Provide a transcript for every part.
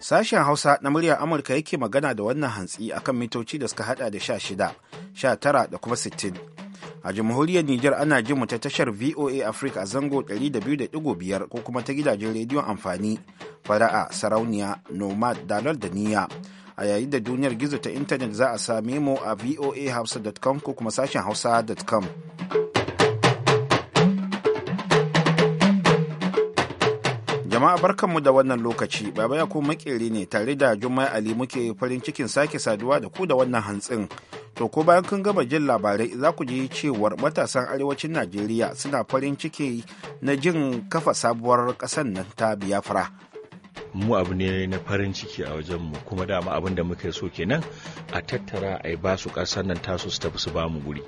Sashen Hausa na muryar Amurka yake magana da wannan hantsi akan mitoci da suka hada da sha shida, sha tara da kuma sittin. A jamhuriyar Nijar ana jin mu ta tashar VOA Africa a zango 200.5 ko kuma ta gidajen rediyon amfani fara'a sarauniya nomad dalar da niyya. A yayin da duniyar gizo ta intanet za a same mu a voahausa.com ko kuma sashen hausa.com. Jama'a barkanmu da wannan lokaci, Baba ya makeri ne tare da Jummai Ali muke farin cikin sake saduwa da ku da wannan hantsin. To ko bayan kun gama jin labarai za ku ji cewar matasan arewacin Najeriya suna farin ciki na jin kafa sabuwar ƙasar nan ta Biafra. Mu abu ne na farin ciki a wajenmu kuma dama abin da muke so kenan a tattara a yi su ƙasar nan tasu su tafi su bamu guri.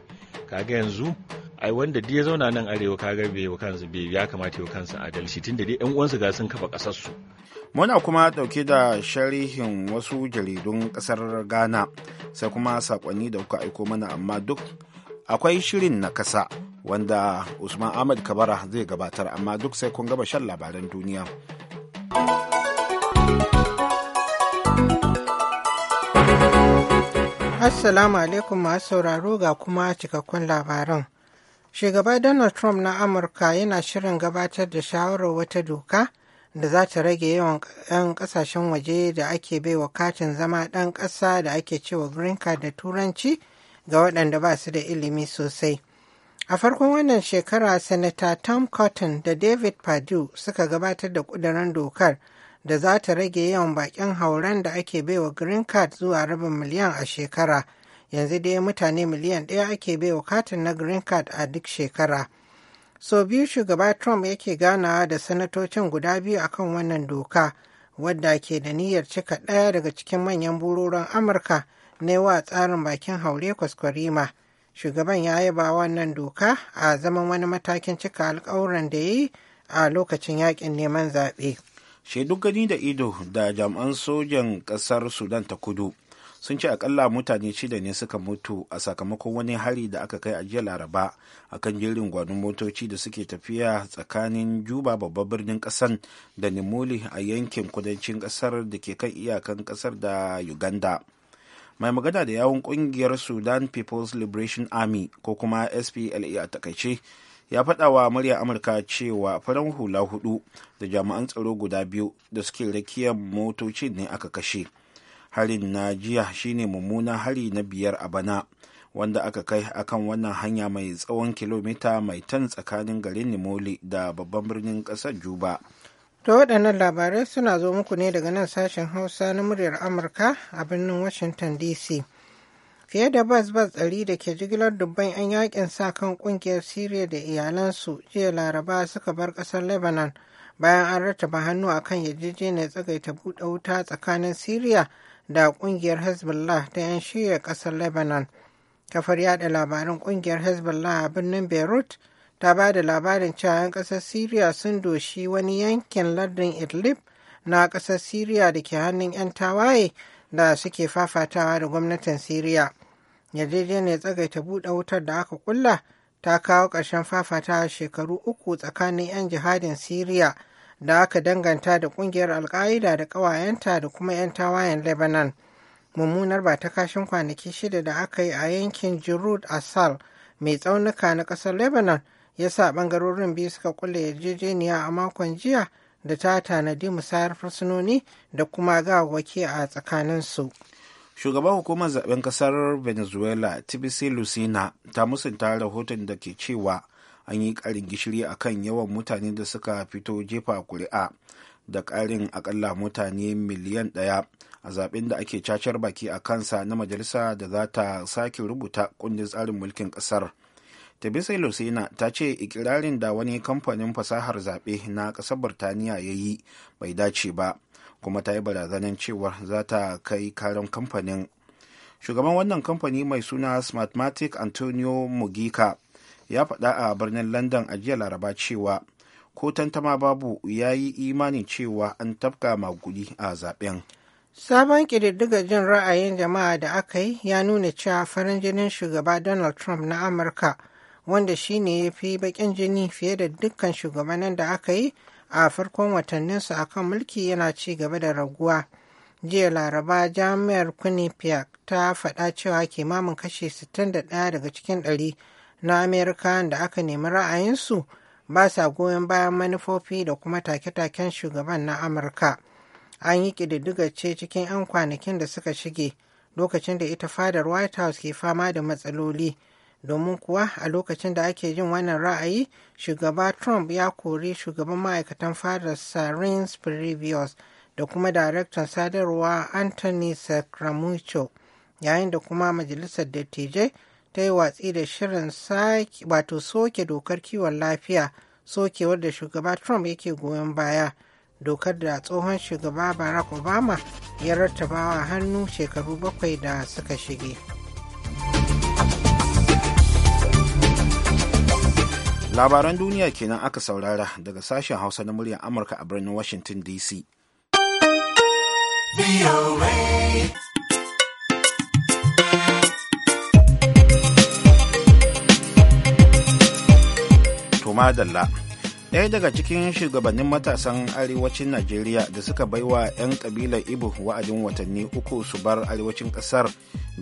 Kaga yanzu ai wanda dai ya zauna nan arewa kaga bai wa kansu bai ya kamata ya kansu adalci tunda dai yan uwansu ga sun kafa kasar su muna kuma dauke da sharihin wasu jaridun ƙasar Ghana sai kuma sakonni da kuka aiko mana amma duk akwai shirin na kasa wanda Usman Ahmad Kabara zai gabatar amma duk sai kun gaba shan labaran duniya Assalamu alaikum masu sauraro ga kuma cikakkun labaran. Shugaba Donald Trump na Amurka yana shirin gabatar da shawarar wata doka da za ta rage yawan 'yan kasashen waje da ake baiwa katin zama ɗan ƙasa da ake cewa green card da turanci ga waɗanda ba su da ilimi sosai. A farkon wannan shekara, Sanata Tom Cotton da David Perdue suka gabatar da ƙuduran dokar da za ta rage yawan baƙin hauren da ake baiwa green card zuwa rabin miliyan a shekara. yanzu dai mutane miliyan ɗaya ake baiwa katin na green card a duk shekara so biyu shugaba trump yake ganawa da sanatocin guda biyu akan wannan doka wadda ke da niyyar cika ɗaya daga cikin manyan buroron amurka na wa tsarin bakin haure kwaskwarima shugaban ya yaba wannan doka a zaman wani matakin cika alkawuran da ya yi a lokacin yakin neman zaɓe. shaidu gani da ido da jami'an sojan ƙasar sudan ta kudu sun ce akalla mutane shida ne suka mutu a sakamakon wani hari da aka kai a jiya laraba a kan jerin gwanon motoci da suke tafiya tsakanin juba babban birnin kasan da nimuli a yankin kudancin kasar da ke kan iyakan kasar da uganda mai magana da yawon kungiyar sudan people's liberation army ko kuma spla a takaice ya faɗa wa murya amurka cewa farin hula hudu da jami'an tsaro guda biyu da suke rakiyar motocin ne aka kashe. harin na jiya shine mummuna hari na biyar a bana wanda aka kai akan wannan hanya mai tsawon kilomita mai tan tsakanin garin nimoli da babban birnin ƙasar juba to waɗannan labarai suna zo muku ne daga nan sashen hausa na muryar amurka a birnin washington dc fiye da bas bas ɗari da ke jigilar dubban 'yan yakin sa kan ƙungiyar syria da iyalansu jiya laraba suka bar ƙasar lebanon bayan an rataba hannu akan yarjejeniyar tsagaita buɗe wuta tsakanin syria da kungiyar hezbollah ta 'yan shirya kasar lebanon kafar yada labarin kungiyar hezbollah a birnin beirut ta ba da labarin cewa 'yan kasar syria sun doshi wani yankin lardin idlib na kasar siriya da ke hannun 'yan tawaye da suke fafatawa da gwamnatin syria yarjejeniyar tsagaita buɗe wutar da aka kulla ta kawo ƙarshen fafatawa shekaru uku tsakanin 'yan jihadin siriya da aka danganta da kungiyar alka'ida da ƙawayenta da kuma 'yan tawayen lebanon mummunar ba ta kashin kwanaki shida da aka yi a yankin jirud asal mai tsaunuka na ƙasar lebanon ya sa ɓangarorin biyu suka kulle yarjejeniya a makon jiya da ta tanadi musayar fursunoni da kuma ga gawaki a tsakaninsu. shugaban hukumar zaben kasar venezuela tbc lucina ta musunta rahoton da ke cewa an yi ƙarin gishiri a kan yawan mutane da suka fito jefa kuri'a da ƙarin akalla mutane miliyan ɗaya a zaɓen da ake cacar baki a kansa na majalisa da za ta sake rubuta kundin tsarin mulkin ƙasar. Tabisai Lucena ta ce ikirarin da wani kamfanin fasahar zaɓe na ƙasar Birtaniya ya yi bai dace ba, kuma ta yi barazanar cewar za ta kai karan kamfanin. Shugaban wannan kamfani mai suna Smartmatic Antonio Mugika ya faɗa a birnin london a jiya laraba cewa ko tantama babu ya yi imanin cewa an tafka magudi a zaben sabon ƙididdigar jin ra'ayin jama'a da aka yi ya nuna cewa farin jinin shugaba donald trump na amurka wanda shine ya fi baƙin jini fiye da dukkan shugabannin da aka yi a farkon watanninsa kan mulki yana ci gaba da raguwa jiya laraba jami'ar quinnipiac ta faɗa cewa kimamin kashi 61 daga cikin ɗari. na Amerika da aka nemi ra'ayinsu ba sa goyon bayan manufofi da kuma take-taken shugaban na Amurka. An yi ƙididdiga ce cikin 'yan kwanakin da suka shige lokacin da ita fadar White House ke fama da matsaloli. Domin kuwa a lokacin da ake jin wannan ra'ayi, shugaba Trump ya kori shugaban ma'aikatan fadar Sarins Previous da kuma daraktan sadarwa Anthony Sacramucho, yayin da kuma majalisar dattijai ta yi watsi da shirin wato soke dokar kiwon lafiya soke wadda shugaba trump yake goyon baya dokar da tsohon shugaba barack obama ya rattabawa hannu shekaru bakwai da suka shige labaran duniya kenan aka saurara daga sashen hausa na muryar amurka a birnin washington dc madalla ɗaya daga cikin shugabannin matasan arewacin najeriya da suka baiwa 'yan kabilar ibo wa'adin watanni uku su bar arewacin ƙasar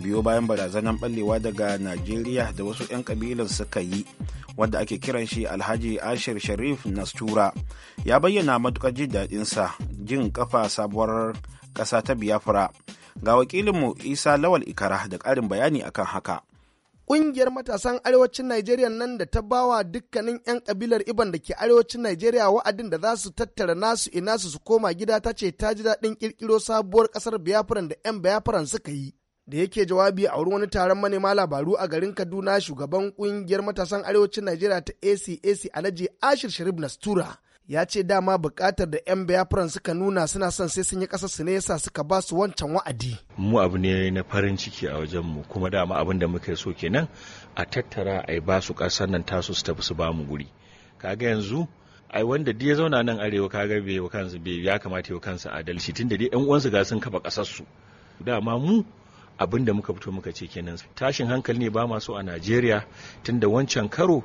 biyo bayan barazanar ɓallewa daga najeriya da wasu 'yan kabilar suka yi wanda ake kiran shi alhaji ashir sharif nastura ya bayyana matukar jin daɗinsa jin kafa sabuwar ƙasa ta biyafra ga wakilinmu isa lawal ikara da ƙarin bayani akan haka Ƙungiyar matasan arewacin Najeriya nan da ta bawa dukkanin 'yan kabilar Iban da ke arewacin Najeriya wa'adin da za su tattara nasu ina su koma gida ta ce ta ji daɗin ƙirƙiro sabuwar ƙasar Biafran da 'yan Biafran suka yi. da yake jawabi a wurin wani taron manema labaru a garin Kaduna shugaban kungiyar matasan arewacin Najeriya ta ACAC Alhaji Ashir Sharif Nastura ya ce dama bukatar da 'yan biyafuran suka nuna suna son sai sun yi ƙasar su ne yasa suka ba su wancan wa'adi mu abu ne na farin ciki a wajen mu kuma dama abin da muka so kenan a tattara a ba su ƙasar nan tasu su tafi su ba mu guri kaga yanzu ai wanda duk ya zauna nan arewa kaga bai wa kansa bai ya kamata ya kansa adalci tunda dai 'yan uwansu ga sun kafa kasarsu su dama mu abin da muka fito muka ce kenan tashin hankali ne ba ma so a najeriya tunda wancan karo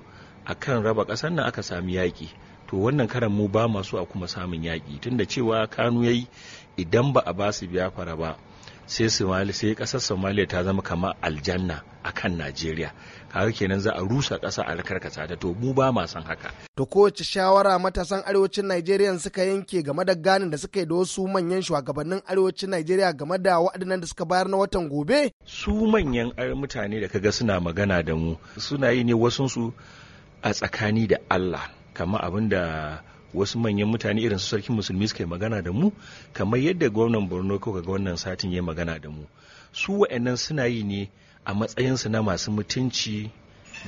a kan raba ƙasar nan aka sami yaƙi to wannan karan mu ba masu a kuma samun yaƙi tunda cewa kanu yayi idan ba a basu fara ba sai somali sai ƙasar somaliya ta zama kamar aljanna a kan najeriya kawai kenan za a rusa ƙasa a karkasa ta to mu ba ma san haka to kowace shawara matasan arewacin najeriya suka yanke game da ganin da suka yi da wasu manyan shugabannin arewacin najeriya game da waɗannan da suka bayar na watan gobe su manyan mutane da kaga suna magana da mu suna yi ne wasunsu a tsakani da allah kamar abin da wasu manyan mutane irin su sarkin musulmi suka magana da mu kamar yadda gwamnan borno ko ga wannan satin ya magana da mu su wa'annan suna yi ne a matsayinsu na masu mutunci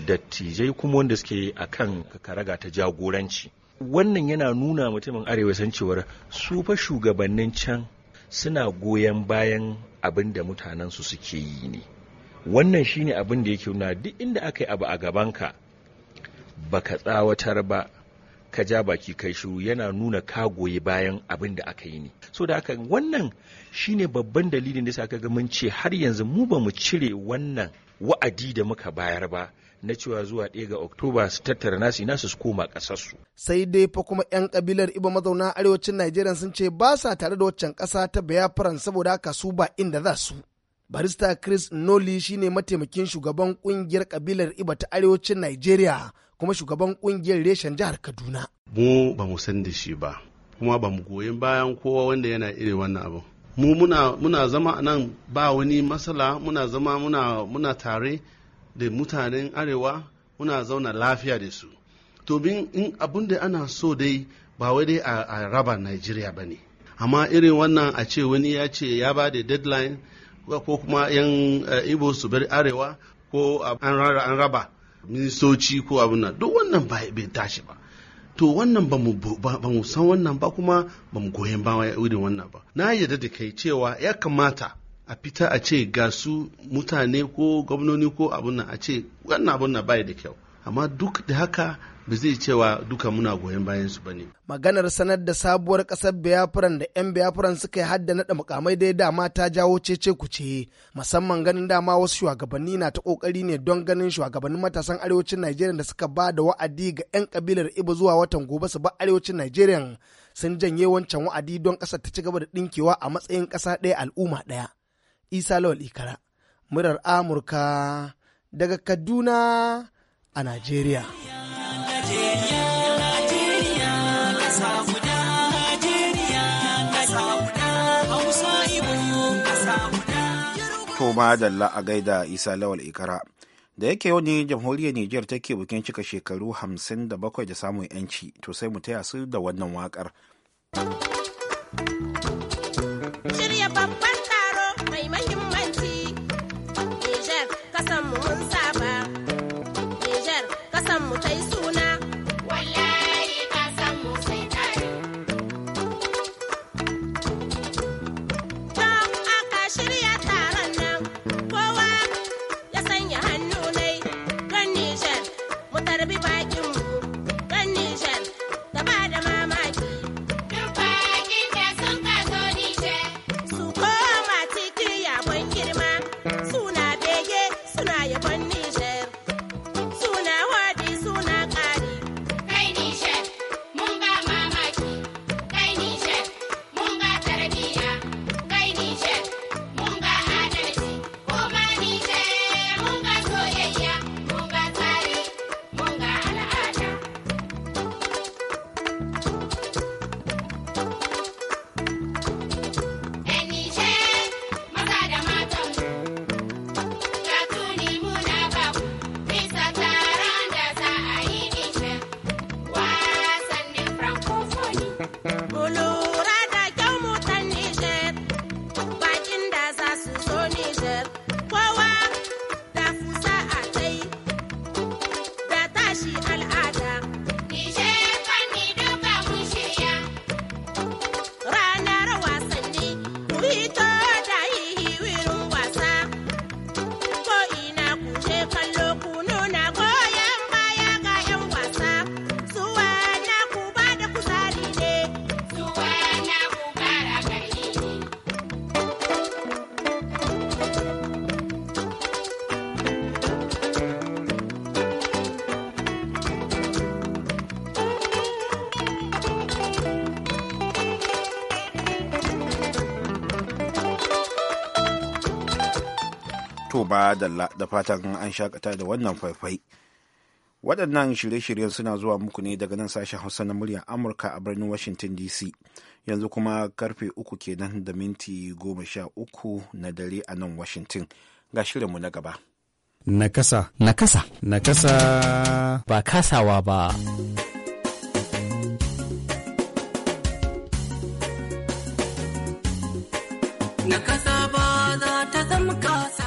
da tijai kuma wanda suke a kan karaga ta jagoranci wannan yana nuna mutumin arewa san cewar su fa shugabannin can suna goyon bayan abin da mutanensu suke yi ne wannan shine abin da yake nuna duk inda aka yi abu a gabanka baka tsawatar ba ka ja baki kai shiru yana nuna ka goyi bayan abin da aka yi ne so da haka wannan shine babban dalilin da aka ga mun ce har yanzu mu ba mu cire wannan wa'adi da muka bayar ba na cewa zuwa ɗaya ga Oktoba su tattara nasu nasu su koma ƙasarsu. Sai dai fa kuma 'yan kabilar Ibo mazauna arewacin nigeria sun ce ba sa tare da waccan ƙasa ta faran saboda haka su ba inda za su. Barista Chris Noli shine mataimakin shugaban ƙungiyar kabilar iba ta arewacin nigeria. kuma shugaban kungiyar reshen jihar Kaduna. Mu ba mu san da shi ba, kuma ba mu bayan kowa wanda yana irin wannan abu Mu muna, muna zama nan ba wani matsala muna zama muna, muna tare da mutanen arewa muna zauna lafiya da su. To bin in abin da ana so dai ba wai dai a, a raba Najeriya ba ne. Amma irin wannan a ce wani ya ce ya ba da deadline ko kuma yan eh, ibo su bar arewa ko an raba. ministoci ko abin nan duk wannan bai tashi ba to wannan ba mu san wannan ba kuma ba mu goyen ba irin wannan ba na yarda da kai cewa ya kamata a fita a ce ga su mutane ko gwamnoni ko abin nan a ce wannan abin na bai da kyau amma duk da haka ba zai cewa duka muna goyon bayan su bane maganar sanar da sabuwar kasar biyafuran da yan biyafuran suka yi hadda naɗa mukamai ya dama ta jawo cece ce musamman ganin dama wasu shugabanni na ta kokari ne don ganin shugabannin matasan arewacin Najeriya da suka ba da wa'adi ga yan kabilar Ibo zuwa watan gobe su ba arewacin Najeriya sun janye wancan wa'adi don kasar ta ci gaba da ɗinkewa a matsayin ƙasa ɗaya al'umma ɗaya Isa Lawal Ikara murar Amurka daga Kaduna a Najeriya. To ma dalla a gaida Isa Lawal Ikara. Da yake yau ne jamhuriyar Nijar take bikin cika shekaru hamsin da bakwai da samun 'yanci, to sai mu taya su da wannan wakar. ba da fatan an shakata da wannan faifai waɗannan shirye-shiryen suna zuwa muku ne daga nan sashen hausa na muryar amurka a birnin washington dc yanzu kuma karfe uku kenan da minti goma sha uku na dare a nan washington ga shirinmu na gaba nakasa nakasa nakasa ba kasawa ba nakasa ba za ta zama kasa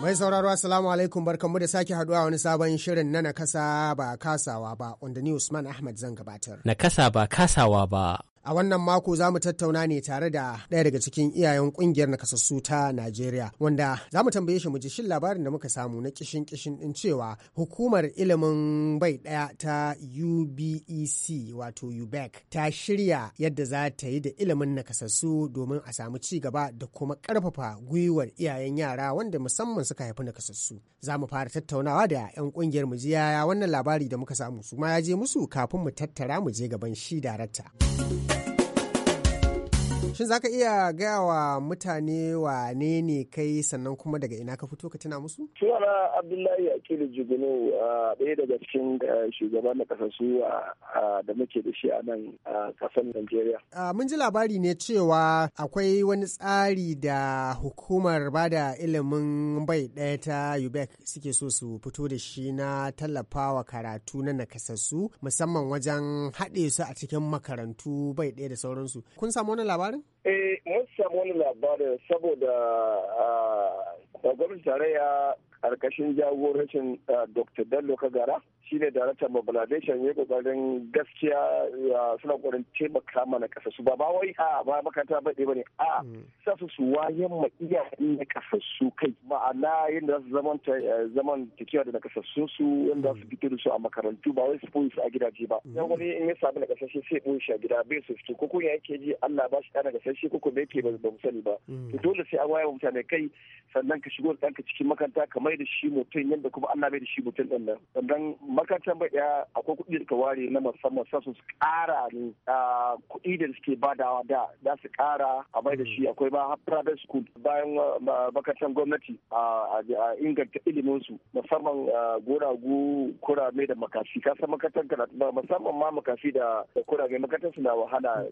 Mai sauraro Assalamu alaikum barkanmu da sake haduwa wani sabon shirin na nakasa ba kasawa ba wanda ni Usman Ahmad zan gabatar. Nakasa ba kasawa ba. A wannan mako za mu tattauna ne tare da ɗaya daga cikin iyayen ƙungiyar nakasassu ta Najeriya wanda za mu tambaye shi mu ji shin labarin da muka samu na kishin kishin ɗin cewa hukumar ilimin bai ɗaya ta UBEC wato UBEC ta shirya yadda za ta yi da ilimin nakasassu domin a samu ci gaba da kuma ƙarfafa gwiwar iyayen yara wanda musamman suka haifi nakasassu. Za mu fara tattaunawa da 'yan ƙungiyar mu ji yaya wannan labari da muka samu su ma ya je musu kafin mu tattara mu je gaban shi darakta. Mm. Shin za ka iya gaya wa mutane wane ne kai sannan kuma daga ina ka fito ka tuna musu? Suna Abdullahi Akilu Jigunu ɗaya daga cikin shugaban na kasassu da muke da shi a nan kasar Najeriya. Mun ji labari ne cewa akwai wani tsari da hukumar bada ilimin bai ɗaya ta UBEC suke so su fito da shi na tallafawa karatu na nakasassu musamman wajen haɗe su a cikin makarantu bai ɗaya da sauransu. Kun samu wani labarin? Eh, mun samu wani labarin saboda ah, gwamnatin tarayya karkashin jagorancin Dr. Ah, Dallo Kagara shine daraktan mobilization ya kokarin gaskiya suna kokarin taimaka mana kasa su ba ba wai a ba makaranta ba ne a hmm. sa su su wayan ma iya na kasa su kai ma'ana yadda za su eh, zaman zaman takiya da na kasa su su yadda su fito da su a makarantu ba wai su boye a gidaje ba yan hmm. wani in ya sami na kasa shi sai boye shi a gida bai su fito ko ko ya yake ji Allah ba shi ɗan kasa shi ko ko yake ba mu sani ba hmm. to dole sai a waya mutane kai sannan ka shigo da ɗanka cikin makaranta mai da shi mutum yadda kuma Allah bai da shi mutum ɗin nan sannan makarantar ya akwai kuɗi da ka ware na musamman sa su ƙara kuɗi da suke badawa da za su ƙara a mai da shi mm. akwai ma private school bayan makarantar gwamnati a inganta iliminsu musamman goragu kurame da makafi ka makarantar karatu musamman ma makafi da kurame makarantar su na wahala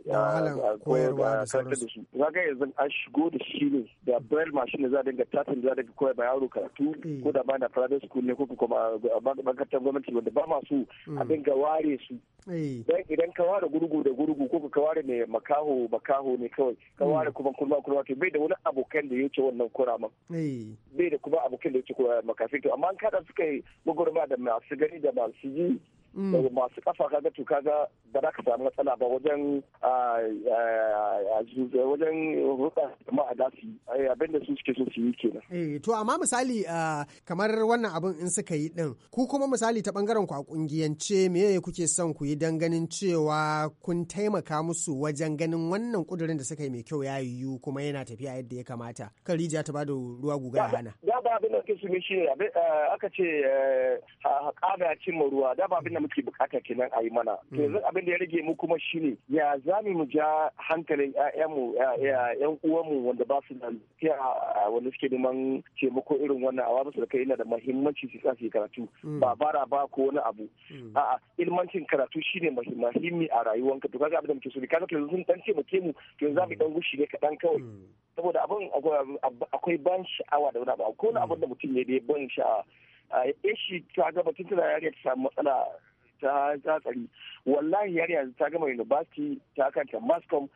koyarwa da karatu da su zaga yanzu an shigo da shi ne da braille machine za a dinga tatin za a dinga koyar ba yaro karatu eh. ko da ma na private school ne ko kuma makarantar gwamnati wanda ba masu abin mm. ga ware su eh. dan idan ka ware gurgu da gurgu ko ka ware ne makaho makaho ne kawai ka mm. ware kuma kurma kurma to bai da wani abokan da yake wannan ma eh. bai da kuma abokan da yake makafin to amma an kada suka yi gwagwarma da masu gani da masu yi Mm. daga masu kafa kaga to kaga ba za ka samu matsala ba wajen wajen rutsa kuma a su abin da su suke so su yi kenan. Eh to amma misali kamar wannan abin in suka yi din ku kuma misali ta bangaren ku a kungiyance me kuke son ku yi dan ganin cewa kun taimaka musu wajen ganin wannan kudurin da suka yi mai kyau ya yiwu kuma yana tafiya yadda ya kamata. Kan rijiya ta bada ruwa guga a hana. Da ba abin da kake su a aka ce eh, haƙa cimma ruwa da ba abin da muke bukata kenan a yi mana to hmm. yanzu abin da ya rage mu kuma shine ya za mu ja hankalin ƴaƴanmu ƴan uwanmu wanda ba su da ya wanda suke neman taimako irin wannan a wasu da kai yana da muhimmanci su tsaya karatu hmm. ba bara ba ko wani abu hmm. a'a ilmancin karatu shine muhimmi a rayuwanka to kaga abin da muke so kaga yanzu sun dan ce mu to yanzu za mu dan gushi ne kaɗan kawai saboda abin akwai ban sha'awa da wani abu ko wani abin da mutum ne da ban sha'awa a eh shi ta gaba tun tana yari ta samu matsala ta ta wallahi yari yanzu ta gama university ta kanta mascom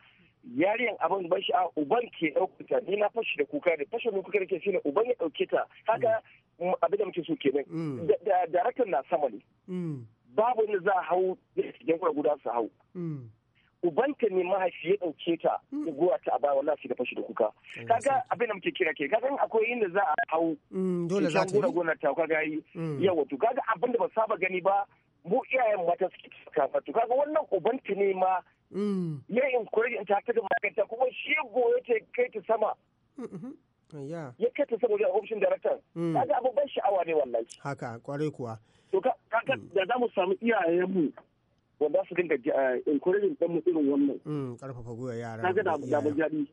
yariyan abin ban sha'a uban ke ɗaukata ni na fashi da kuka ne fashe kuka da ke shi uban ya ɗauke ta haka mm. abin da muke so kenan mm. da daraktan na sama ne mm. babu ne za a hau da guda su hau ubanta ne mahaifi ya ɗauke ta ya goya ta a ba wallahi shi da fashi da kuka kaga abin da muke kira ke kaga akwai inda za a hau dole za ta gona gona ta kaga yi yawa to kaga abin da ba saba gani ba mu iyayen mata suke fuska to kaga wannan ubanki ne ma mm. ya encourage in ta ta makaranta kuma shi goye ta kai ta sama mm-hmm. oh, ya kai ta sama wajen option director mm. kaga abu ban sha'awa ne wallahi haka kwarai kuwa to kaga mm. da za mu samu iyayen mu wanda su dinga eh, encouraging dan mu irin wannan karfafa goyon yara kaga da da bajadi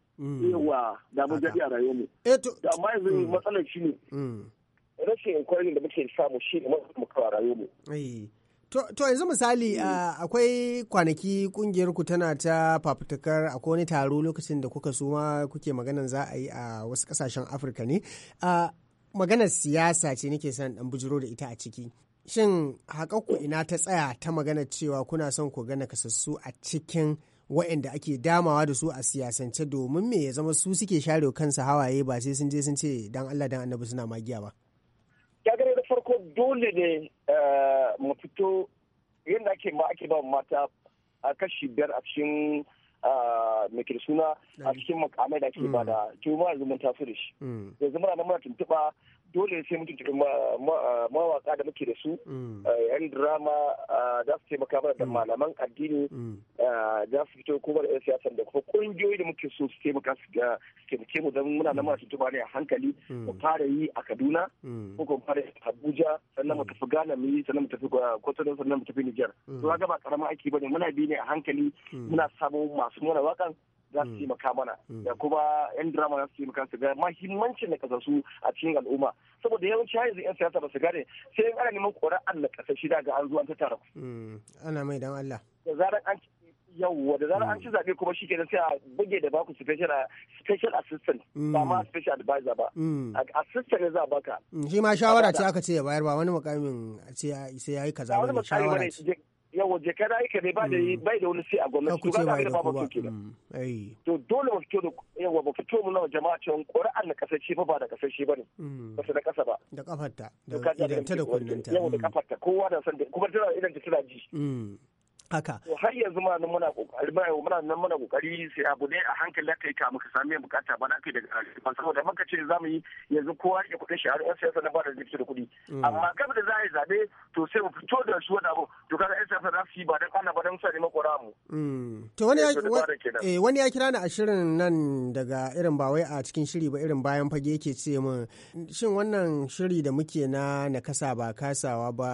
yawa da bajadi a rayuwar mu eh to amma yanzu matsalar shi ne rashin encouraging da muke samu shi ne mu kawo rayuwar mu eh. To yanzu misali mm. ah, akwai kwanaki kungiyar tana ta fafutukar akwai wani taro lokacin da kuka suma kuke maganan za a yi a wasu kasashen Afirka ne. Ah, maganar siyasa ce nake son dan bujiro da ita a ciki. Shin ku ina ta tsaya ta magana cewa kuna son ku gana kasassu a cikin waɗanda ake damawa da su a siyasance domin me ya zama su suke share kansa hawaye ba sai sun je sun ce dan Allah dan Annabi suna magiya ba. dole ne eh, mu fito yadda ake ma ake ba mata a kashi biyar a cikin ah, mai suna a cikin makamai da ake mm. ba da to ma yanzu da shi mm. yanzu muna nan muna tuntuɓa dole sai mutunta mawaka da muke da su mm. eh, yan drama eh, za su taimaka mana da mm. malaman addini mm. eh, za su fito kuma da yan siyasa da kuma kungiyoyi da muke so su taimaka su ga taimake mu don muna nan masu tuba ne a hankali mu fara yi a Kaduna ko kuma fara yi a Abuja sannan mu tafi Ghana mu yi sannan mu tafi Kotonou sannan mu tafi Niger to ga ba karama aiki ne muna bi ne a hankali muna samun masu nuna wakan za su mm. taimaka mana mm. da kuma yan drama za su taimaka su ga mahimmancin da kasassu a cikin al'umma saboda yawanci har yan siyasa ba su gane sai in ana neman an na kasashe da ga an zuwa ta tara mm. ana mai dan Allah da zarar an yawwa da zarar an ci zaɓe kuma shi kenan sai a buge da baku special special assistant ba ma special advisor ba assistant ne za a baka shi ma shawara ce aka ce ya bayar ba wani mukamin sai ya yi kaza wani shawara ce yawa je kada aika ne mm. bai da wani sai a gwamnati ko ga da ba ke nan mm, to dole mu fito yawa mu fito mu na jama'a cewa Qur'an na kasashe fa ba da kasashe bane mm. ba su da kasa ba da kafarta da idanta da kunnanta yawa da kafarta kowa da san kuma tana idan ta tsaji ji haka har yanzu ma muna kokari muna nan muna kokari sai abu ne a hankali kai ka muka sami bukata ba na kai daga ba saboda muka ce zamu yi yanzu kowa ya kudin shi har sai siyasa na ba da kuɗi amma kafin da za a yi zabe to sai mu fito da shi wani abu to kaga yan siyasa za su yi ba dan ana ba dan sa ne makwara mu hmm. to wani ya eh, eh, wani ya kira ni a shirin nan daga irin ba wai a cikin shiri ba irin bayan fage yake ce min shin wannan shiri da muke na na kasa ba kasawa ba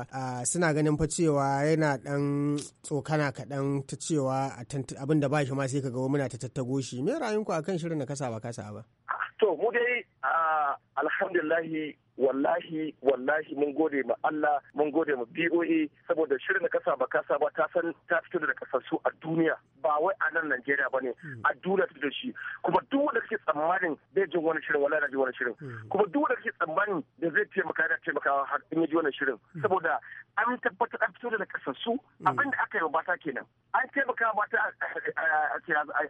suna ganin fa cewa yana dan tsokana kaɗan ta cewa abin da ba shi ma sai ka ga muna ta tattago shi me ra'ayinku akan shirin na kasa ba kasawa ba to mu dai alhamdulillahi wallahi wallahi mun gode ma Allah mun gode ma BOA saboda shirin da kasa ba kasa ba ta san ta fito da su a duniya ba wai a nan Najeriya ba hmm. a duniya su da shi kuma duk wanda kake tsammanin zai jin wani shirin wallahi ji wani shirin hmm. kuma duk wanda kake tsammanin da zai taimaka da taimakawa har in ya ji wani shirin hmm. saboda an tabbatar an fito da kasassu abin da aka yi ba ta kenan an taimaka ba ta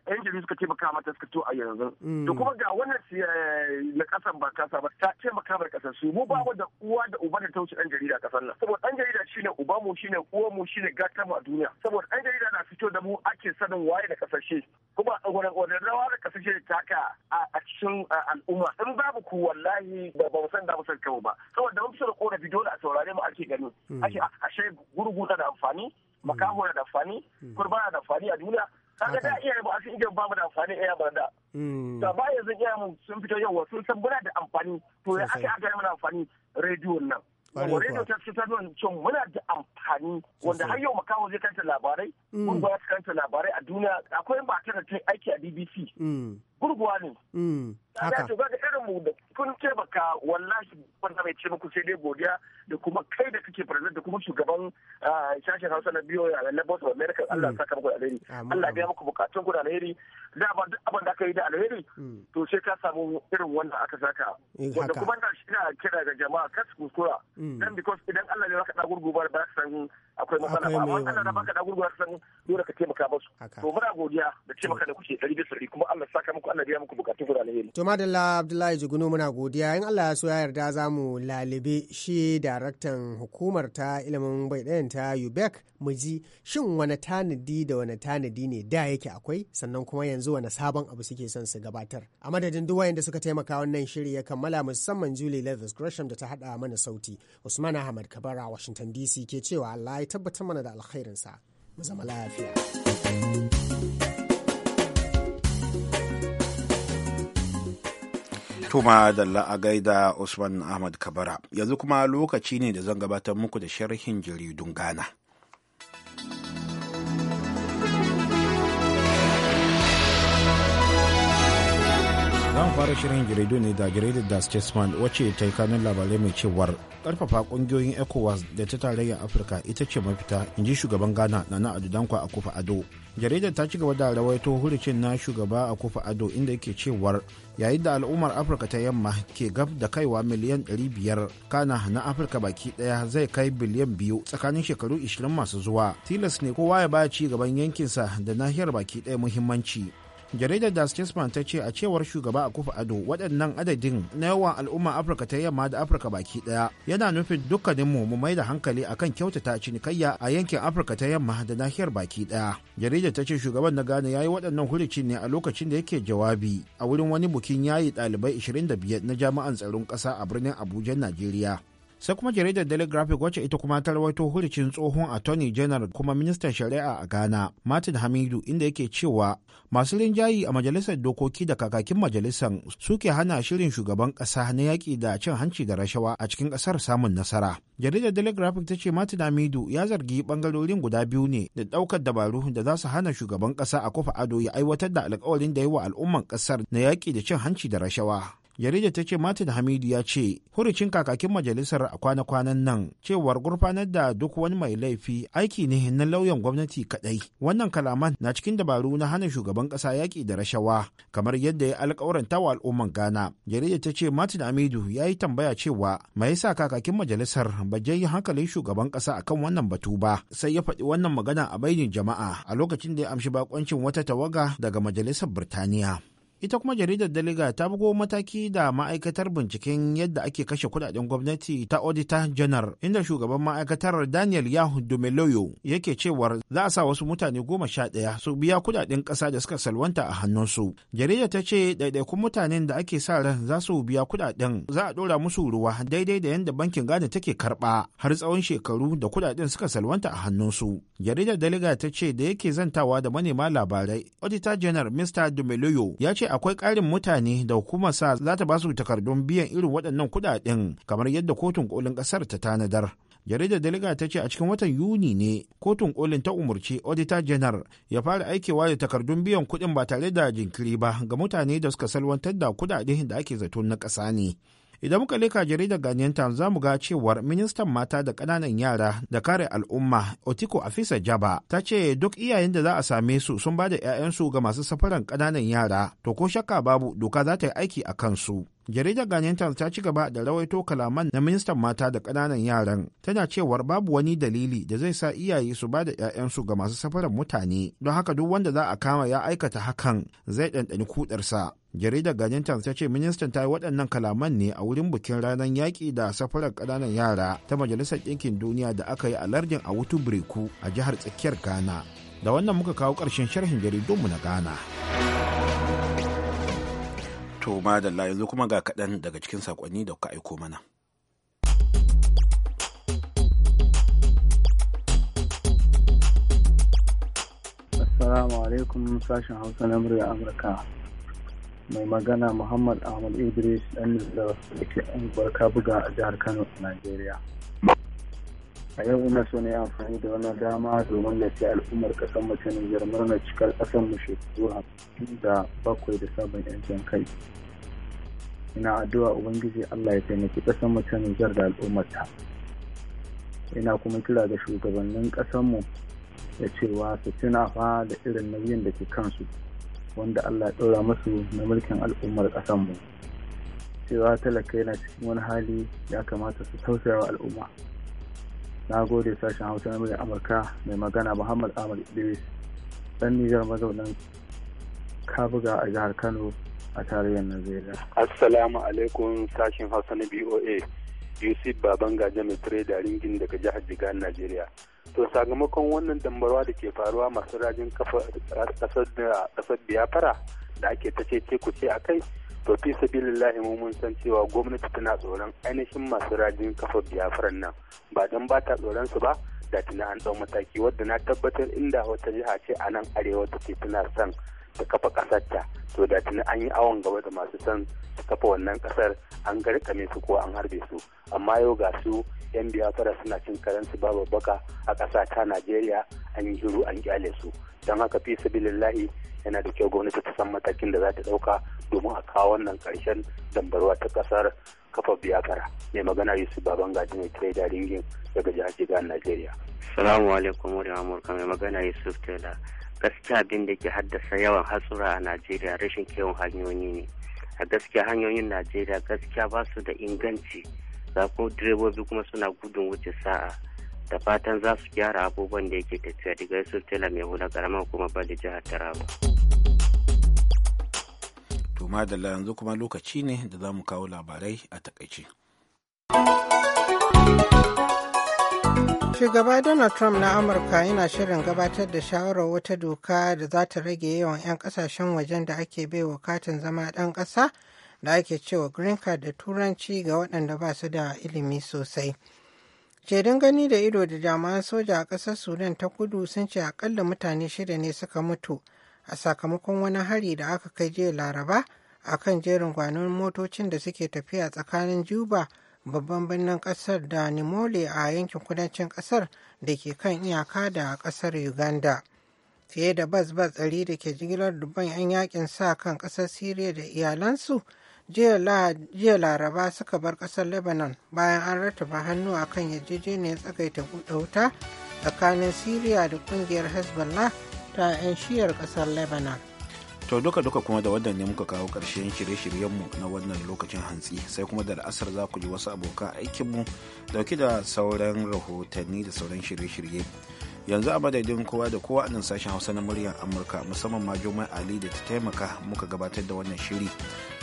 yan jiri suka taimaka mata suka to a yanzu to kuma ga wannan eh, na kasan ba kasa ba ta taimaka ba kasassu mu ba da uwa da uba da tauci dan jarida kasar nan saboda dan jarida shine uba mu shine uwa mu shine gata mu a duniya saboda dan jarida na fito da mu ake sa sanin waye da kasashe kuma wani rawa da kasashe taka a cikin al'umma in babu ku wallahi da ba san da mu san kawo ba saboda mun fi da bidiyo da a saurare mu ake ganin hmm. ake ashe gurgu da amfani hmm. makaho da amfani hmm. kurbana da amfani a duniya kaga da iyaye ba su iya ba mu da amfani a ba da da ba yanzu iyaye mu sun fito yau sun san muna da amfani to ya aka aka yi mana amfani rediyon nan Redo ta fitar da cewa muna da amfani wanda har yau makaho zai kanta labarai, mm. gurguwa ta kanta labarai a duniya akwai mata da ta aiki a BBC. Mm. Gurguwa ne. Mm. Haka. Ta ga irin mu da kun ce baka wallahi wanda mai ce muku sai dai godiya da kuma kai da kake president da kuma shugaban shashin hausa na biyo na boss of america hmm. allah ka muku alheri allah biya muku bukatun ku da alheri da abin da aka yi da alheri hmm. to sai ka samu irin wanda aka saka eh, wanda kuma na kira ga jama'a kasu kuskura hmm. dan because idan allah ne zaka da gurgu ba san akwai matsala ba amma kana da baka da gurgura san dole ka taimaka musu to muna godiya da taimaka da kuke dari bisa dari kuma Allah saka muku Allah biya muku bukatu gura alheri to madalla Abdullahi Jigunu muna godiya in Allah ya so ya yarda za mu lalibe shi daraktan hukumar ta ilimin bai dayan ta Ubek mu ji shin wani tanadi da wani tanadi ne da yake akwai sannan kuma yanzu wani sabon abu suke son su gabatar a madadin duk wayanda suka taimaka wannan shiri ya kammala musamman Julie Leathers Gresham da ta hada mana sauti Usman Ahmad Kabara Washington DC ke cewa Allah ya tabbatar mana da alkhairinsa mu zama lafiya Tuma da a gaida Usman Ahmad Kabara yanzu kuma lokaci ne da zan gabatar muku da sharhin jaridun Ghana. zan fara shirin jaridu ne da jaridar da statesman wacce ta yi kanun labarai mai cewar karfafa kungiyoyin ecowas da ta tarayyar afirka ita ce mafita in ji shugaban ghana na na adudankwa a kufa ado jaridar ta ci gaba da rawaito hurucin na shugaba a kufa ado inda yake cewar yayin da al'ummar afirka ta yamma ke gab da kaiwa miliyan 500 kana na afirka baki daya zai kai biliyan biyu tsakanin shekaru 20 masu zuwa tilas ne kowa ya baya ci gaban yankinsa da nahiyar baki daya muhimmanci jaridar das kisman ta ce a cewar shugaba a kufa ado waɗannan adadin na yawan al'umma afirka ta yamma da afirka baki ɗaya yana nufin dukkaninmu mu mai da hankali akan kyautata cinikayya a yankin afirka ta yamma da nahiyar baki ɗaya jaridar ta ce shugaban na ghana ya yi waɗannan hulici ne a lokacin da yake jawabi a wurin wani bukin yayi ɗalibai 25 na jami'an tsaron ƙasa a birnin abuja najeriya sai kuma jaridar daily graphic wacce ita kuma ta rawaito hulicin tsohon attorney general kuma ministan shari'a a ghana martin hamidu inda yake cewa masu rinjayi a majalisar dokoki da kakakin majalisar suke hana shirin shugaban kasa na yaƙi da cin hanci da rashawa a cikin ƙasar samun nasara jaridar daily graphic ta ce martin hamidu ya zargi bangarorin guda biyu ne da ɗaukar dabaru da za su hana shugaban ƙasa a kofa ado ya aiwatar da alkawarin da yi wa al'umman ƙasar na yaƙi da cin hanci da rashawa jaridar ta ce martin hamidu ya ce hurucin kakakin majalisar a kwana-kwanan nan cewar gurfanar da duk wani mai laifi aiki ne na lauyan gwamnati kadai wannan kalaman na cikin dabaru na hana shugaban kasa yaki da rashawa kamar yadda ya alkawaranta wa al'umman ghana jaridar ta ce martin hamidu ya yi tambaya cewa mai yasa kakakin majalisar ba je yi hankalin shugaban kasa akan wannan batu ba sai ya faɗi wannan magana a bainin jama'a a lokacin da ya amshi bakoncin wata tawaga daga majalisar birtaniya ita kuma jaridar daliga ta bugo mataki da ma'aikatar binciken yadda ake kashe kudaden gwamnati ta auditor general inda shugaban ma'aikatar daniel yahu dumeloyo yake cewar za a sa wasu mutane goma sha ɗaya su biya kudaden ƙasa da suka salwanta a hannunsu jaridar ta ce ɗaiɗaikun mutanen da ake sa ran za su biya kudaden za a ɗora musu ruwa daidai da yadda bankin gane take karɓa har tsawon shekaru da kudaden suka salwanta a hannunsu jaridar daliga ta ce da yake zantawa da manema labarai auditor general mr dumeloyo ya ce akwai ƙarin mutane da hukumar sa za ta ba su takardun biyan irin waɗannan kuɗaɗen kamar yadda kotun kolin ƙasar ta tanadar. jaridar daliga ta ce a cikin watan yuni ne kotun kolin ta umarci auditor general ya fara aikewa da takardun biyan kuɗin ba tare da jinkiri ba ga mutane da suka salwantar da kuɗaɗen da ake zato na ƙasa ne idan muka leka jaridar ganyen ta za mu ga cewar ministan mata da ƙananan yara da kare al'umma otiko afisa jaba ta ce duk iyayen da za a same su sun ba da 'ya'yansu ga masu safaran ƙananan yara to ko shakka babu doka za ta yi aiki a kansu jaridar times ta ci gaba da rawaito kalaman na ministan mata da kananan yaran tana cewar babu wani dalili da zai sa iyaye su ba da 'ya'yansu ga masu safarar mutane don haka duk wanda za a kama ya aikata hakan zai ɗanɗani kudarsa jaridar times ta ce ministan ta yi waɗannan kalaman ne a wurin bikin ranar yaƙi da safarar kananan yara ta majalisar ɗinkin duniya da aka yi a lardin a wutu a jihar tsakiyar ghana da wannan muka kawo ƙarshen sharhin jaridunmu na ghana. To madalla yanzu kuma ga kaɗan daga cikin saƙonni da kuka aiko mana. Assalamu alaikum sashen Hausa na murya Amurka. Mai magana Muhammad Ahmad Idris ɗan da ke barka buga a jihar Kano, Najeriya. a yau ina so ne amfani da wannan dama domin na ce al'ummar kasar mace Nijar murnar cikar kasar mu shekaru hamsin da bakwai da sabon yancin kai. Ina addu'a Ubangiji Allah ya taimaki kasar mace Nijar da ta Ina kuma kira ga shugabannin mu da cewa su tuna fa da irin nauyin da ke kansu wanda Allah ya ɗora musu na mulkin al'ummar ƙasarmu. Cewa talaka yana cikin wani hali ya kamata su tausaya wa al'umma. na gode sashen hausa na muryar amurka mai magana muhammad ahmad idris dan nijar mazaunin kabuga a jihar kano a tarayyar najeriya assalamu alaikum sashen hausa na boa yusuf baban gaja mai tare da ringin daga jihar jigar najeriya to sakamakon wannan dambarwa da ke faruwa masu rajin kasar biyafara da ake ta ce ku ce a kai to fi sabilillahi mu mun san cewa gwamnati tana tsoron ainihin masu rajin kafa biyafaran nan ba don ba ta tsoron su ba da tuna an mataki wadda na tabbatar inda wata jiha ce a nan arewa take tana san. ta kafa ƙasarta to da tuni an yi awon gaba da masu san su kafa wannan ƙasar an garkame su ko an harbe su amma yau ga su yan biyafara suna cin karansu babu baka a ƙasa ta najeriya an yi hiru an kyale su don haka fi sabilillahi yana da kyau gwamnati ta san matakin da za ta ɗauka domin a kawo wannan ƙarshen dambarwa ta ƙasar kafa biyafara mai magana yusuf baban gaji mai trader ringin daga jihar jigar najeriya salamu alaikum wa rahmatullahi mai magana yusuf taylor gaskiya abin da ke haddasa yawan hatsura a najeriya rashin kewan hanyoyi ne a gaskiya hanyoyin najeriya gaskiya ba su da inganci za ko direbobi kuma suna gudun wuce sa'a da fatan za su gyara abubuwan da yake tafiya daga yasu tela mai hula karamar kuma bali jihar taraba to madalla yanzu kuma lokaci ne da za mu kawo labarai a takaice Shugaba Donald Trump na Amurka yana shirin gabatar da shawarar wata doka da za ta rage yawan 'yan kasashen wajen da ake baiwa katin zama ɗan ƙasa da ake cewa green card da turanci ga waɗanda ba su da ilimi sosai. Shaidan gani da ido da jami'an soja a ƙasar Sudan ta kudu sun ce akalla mutane shida ne suka mutu a sakamakon wani hari da aka kai jiya Laraba a kan jerin gwanon motocin da suke tafiya tsakanin Juba babban birnin kasar da nimole a yankin kudancin kasar da ke kan iyaka da kasar uganda fiye da bas bas tsari da ke jigilar dubban 'yan yakin sa kan kasar syria da iyalansu jiya laraba suka bar kasar lebanon bayan an rattaba hannu a kan yarjejeniyar tsagaita wuta tsakanin syria da kungiyar hezbollah ta 'yan shiyar kasar lebanon to duka duka kuma da wannan ne muka kawo ƙarshen shirye-shiryenmu na wannan lokacin hantsi sai kuma da la'asar za ku ji wasu abokan aikinmu dauki da sauran rahotanni da sauran shirye-shirye yanzu a madadin kowa da kowa nan sashen hausa na muryar amurka musamman ma jomai ali da ta taimaka muka gabatar da wannan shiri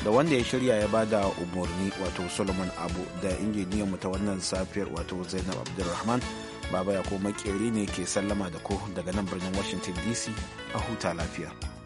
da wanda ya shirya ya bada umarni wato solomon abu da injiniyan mu ta wannan safiyar wato zainab abdulrahman baba ya ko makeri ne ke sallama da ko daga nan birnin washington dc a huta lafiya